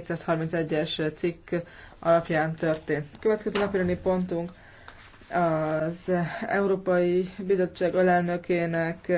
231-es cikk alapján történt. Következő napirani pontunk az Európai Bizottság alelnökének